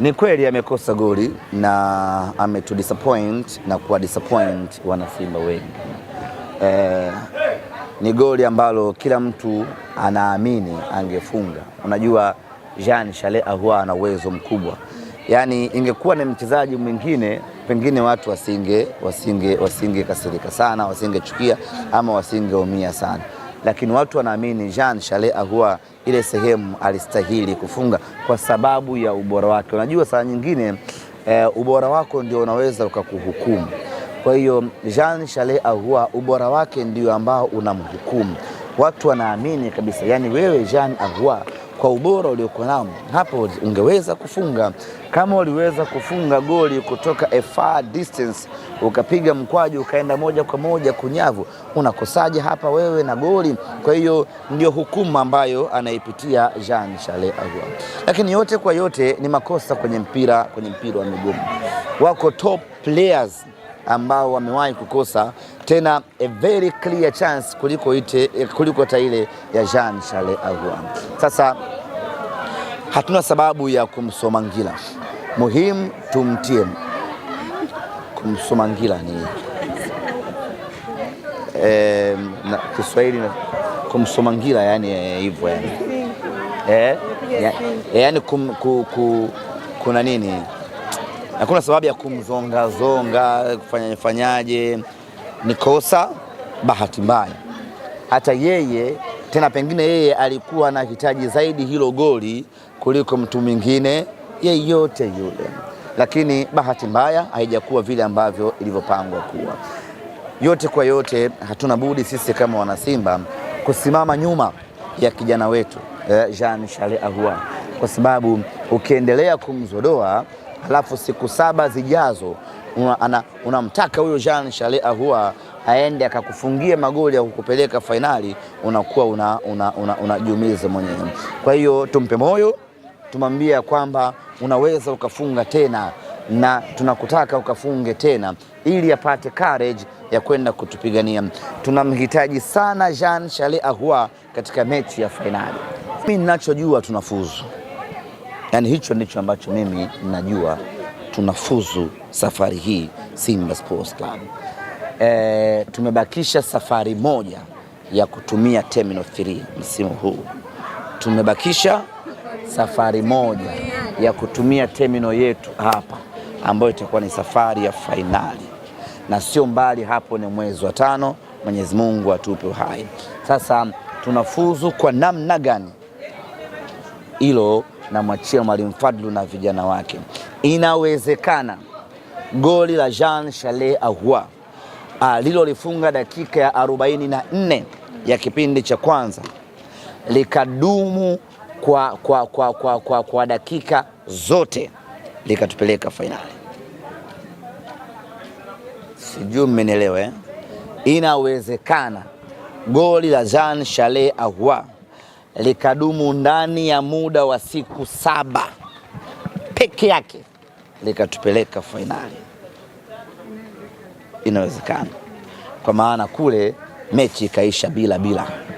Ni kweli amekosa goli na ametu disappoint na kuwa disappoint wanasimba wengi eh, ni goli ambalo kila mtu anaamini angefunga. Unajua Jean Chale Ahoua ana uwezo mkubwa, yaani ingekuwa ni mchezaji mwingine pengine watu wasinge wasinge wasinge kasirika sana, wasingechukia ama wasingeumia sana lakini watu wanaamini Jean Charles Ahoua ile sehemu alistahili kufunga kwa sababu ya ubora wake. Unajua saa nyingine e, ubora wako ndio unaweza ukakuhukumu. Kwa hiyo Jean Charles Ahoua ubora wake ndio ambao unamhukumu. Watu wanaamini kabisa, yani wewe Jean Ahoua kwa ubora uliokuwa nao, hapo ungeweza kufunga. Kama uliweza kufunga goli kutoka a far distance, ukapiga mkwaju ukaenda moja kwa moja kunyavu, unakosaje hapa wewe na goli? Kwa hiyo ndio hukumu ambayo anaipitia Jean Charles Ahoua, lakini yote kwa yote ni makosa kwenye mpira, kwenye mpira wa miguu wako top players ambao wamewahi kukosa tena a very clear chance kuliko, ite, kuliko taile ya Jean Charles Ahoua sasa hatuna sababu ya kumsoma ngila, muhimu tumtie. Kumsoma ngila ni e, na Kiswahili kumsoma ngila yani eh, hivyo e, yani e, ya, yani kum, ku, ku, kuna nini, hakuna sababu ya kumzongazonga kufanya ni kosa bahati mbaya hata yeye tena pengine yeye alikuwa anahitaji zaidi hilo goli kuliko mtu mwingine yeyote yule, lakini bahati mbaya haijakuwa vile ambavyo ilivyopangwa kuwa. Yote kwa yote, hatuna budi sisi kama wanasimba kusimama nyuma ya kijana wetu eh, Jean Charles Ahoua, kwa sababu ukiendelea kumzodoa, alafu siku saba zijazo unamtaka una huyo Jean Shalea huwa aende akakufungia magoli ya kukupeleka fainali, unakuwa unajiumiza una, una mwenyewe. Kwa hiyo tumpe moyo, tumambia kwamba unaweza ukafunga tena na tunakutaka ukafunge tena ili apate courage ya kwenda kutupigania. Tunamhitaji sana Jean Shalea Ahoua katika mechi ya fainali. Mimi ninachojua tunafuzu, yaani hicho ndicho ambacho mimi ninajua tunafuzu safari hii Simba Sports Club. E, tumebakisha safari moja ya kutumia Terminal 3 msimu huu. Tumebakisha safari moja ya kutumia terminal yetu hapa ambayo itakuwa ni safari ya fainali, na sio mbali hapo, ni mwezi wa tano. Mwenyezi Mungu atupe uhai. Sasa tunafuzu kwa namna gani? Hilo namwachia Mwalimu Fadlu na vijana wake. Inawezekana goli la Jean Charles Ahoua alilolifunga ah, dakika ya 44 ya kipindi cha kwanza likadumu kwa, kwa, kwa, kwa, kwa, kwa dakika zote likatupeleka fainali. Sijui mmenielewa eh? Inawezekana goli la Jean Charles Ahoua likadumu ndani ya muda wa siku saba peke yake likatupeleka fainali, inawezekana, kwa maana kule mechi ikaisha bila bila.